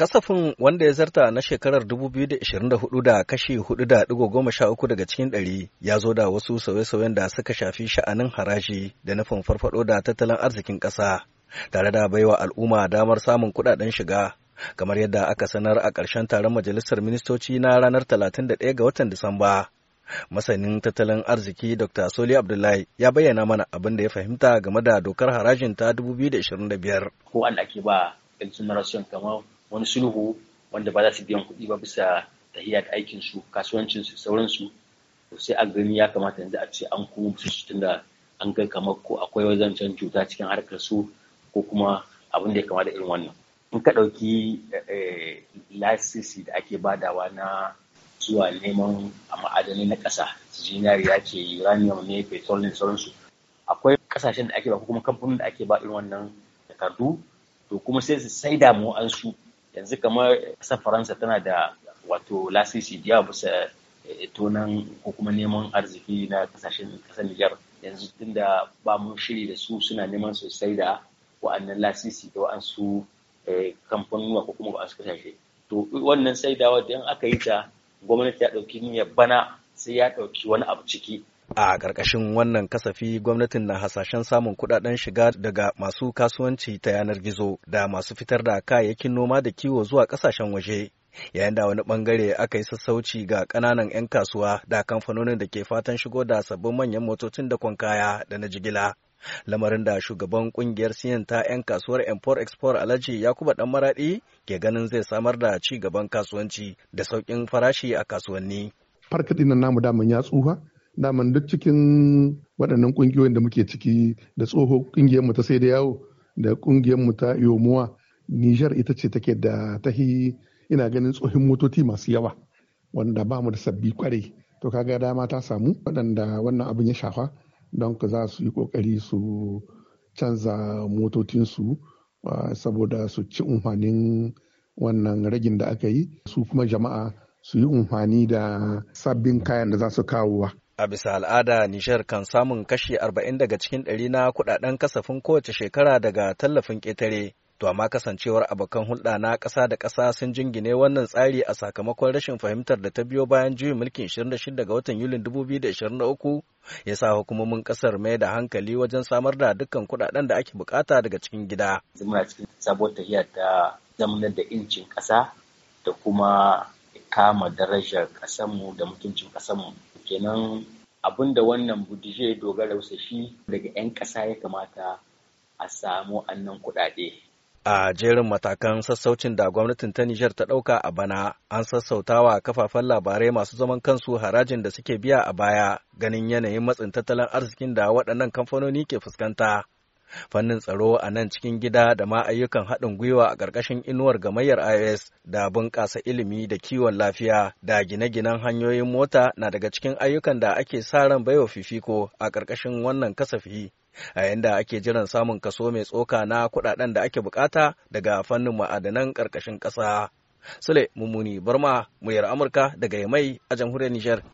kasafin wanda ya zarta na shekarar 2024 da kashi 4.13 daga cikin ɗari ya zo da wasu sauye-sauyen da suka shafi sha'anin haraji da nufin farfado da tattalin arzikin ƙasa tare da baiwa al'umma damar samun kudaden shiga kamar yadda aka sanar a ƙarshen taron majalisar ministoci na ranar 31 ga watan Disamba. Masanin tattalin arziki Dr. Soli Abdullahi ya bayyana mana abin da ya fahimta game da dokar harajin ta 2025. Ko an ake ba enumeration kamar wani sulhu wanda ba za su biyan kuɗi ba bisa da aikin su kasuwancin su sauransu to sai a gani ya kamata yanzu a ce an kuma su tunda an ga kamar ko akwai wajen cuta cikin harkar su ko kuma abin da ya kamata irin wannan in ka ɗauki eh, lasisi da ake badawa na zuwa neman a ma'adanai na ƙasa zinariya ce uranium ne petrol ne sauransu akwai ƙasashen da ake ba ko kuma kamfanin da ake ba irin wannan takardu to kuma sai su sai damu an su yanzu kamar ƙasar faransa tana da wato lasisi ya bisa eh, tonan ko kuma neman arziki na kasashen ƙasar nijar yanzu tun da ba mun shiri da su suna neman sosai da wa'annan lasisi da wa'ansu eh, kamfanuwa ko kuma wa'ansu kasashe to wannan saidawa da aka yi ta gwamnati ya ɗauki niyyar bana sai ya ɗauki wani abu ciki A ƙarƙashin wannan kasafi gwamnatin na hasashen samun kuɗaɗen shiga daga masu kasuwanci ta yanar gizo da masu fitar da kayayyakin noma da kiwo zuwa ƙasashen waje. Yayin da wani ɓangare aka yi sassauci ga ƙananan 'yan kasuwa da kamfanonin da ke fatan shigo da sabbin manyan motocin da kaya da na jigila. Lamarin da shugaban kungiyar siyan ta 'yan kasuwar Empor Export Alhaji Yakuba Dan Maraɗi ke ganin zai samar da ci gaban kasuwanci da sauƙin farashi a kasuwanni. Farkaɗin nan namu daman ya tsufa daman duk cikin waɗannan ƙungiyoyin da muke ciki da tsoho ƙungiyar mu ta sai da yawo da ƙungiyar mu ta yomuwa Nijar ita ce take da tahi ina ganin tsohin motoci masu yawa wanda ba mu da sabbi kwarai to kaga dama ta samu waɗanda wannan abin ya shafa don ka za su yi ƙoƙari su canza motocinsu saboda su ci umfanin wannan ragin da aka yi su kuma jama'a su yi umfani da sabbin kayan da za su kawowa A bisa al'ada, Nijar kan samun kashi 40 daga cikin ɗari na kuɗaɗen kasafin kowace shekara daga tallafin ƙetare. To amma kasancewar abokan hulɗa na ƙasa da ƙasa sun jingine wannan tsari a sakamakon rashin fahimtar da ta biyo bayan juyin mulkin 26 ga watan Yulin 2023 ya sa hukumomin ƙasar mai da hankali wajen samar da dukkan kuɗaɗen da ake bukata daga cikin gida. Muna cikin sabuwar tafiya ta zamanar da incin ƙasa da kuma kama darajar ƙasarmu da mutuncin ƙasarmu kenan abin wannan budje dogara wasa shi daga 'yan ƙasa ya kamata a samu annan kuɗaɗe. A jerin matakan sassaucin da gwamnatin ta Nijar ta ɗauka a bana, an sassautawa kafafen labarai masu zaman kansu harajin da suke biya a baya ganin yanayin matsin tattalin arzikin da waɗannan kamfanoni ke fuskanta. fannin tsaro a nan cikin gida da ma ayyukan haɗin gwiwa a ƙarƙashin inuwar gamayyar IOS da bunƙasa ilimi da kiwon lafiya da gine-ginen hanyoyin mota na daga cikin ayyukan da ake sa ran baiwa fifiko a ƙarƙashin wannan kasafi a yadda ake jiran samun kaso mai tsoka na kuɗaɗen da ake bukata daga fannin ma'adanan ƙarƙashin ƙasa. Sule Mummuni Barma, muyar Amurka daga Yamai a jamhuriyar Nijar.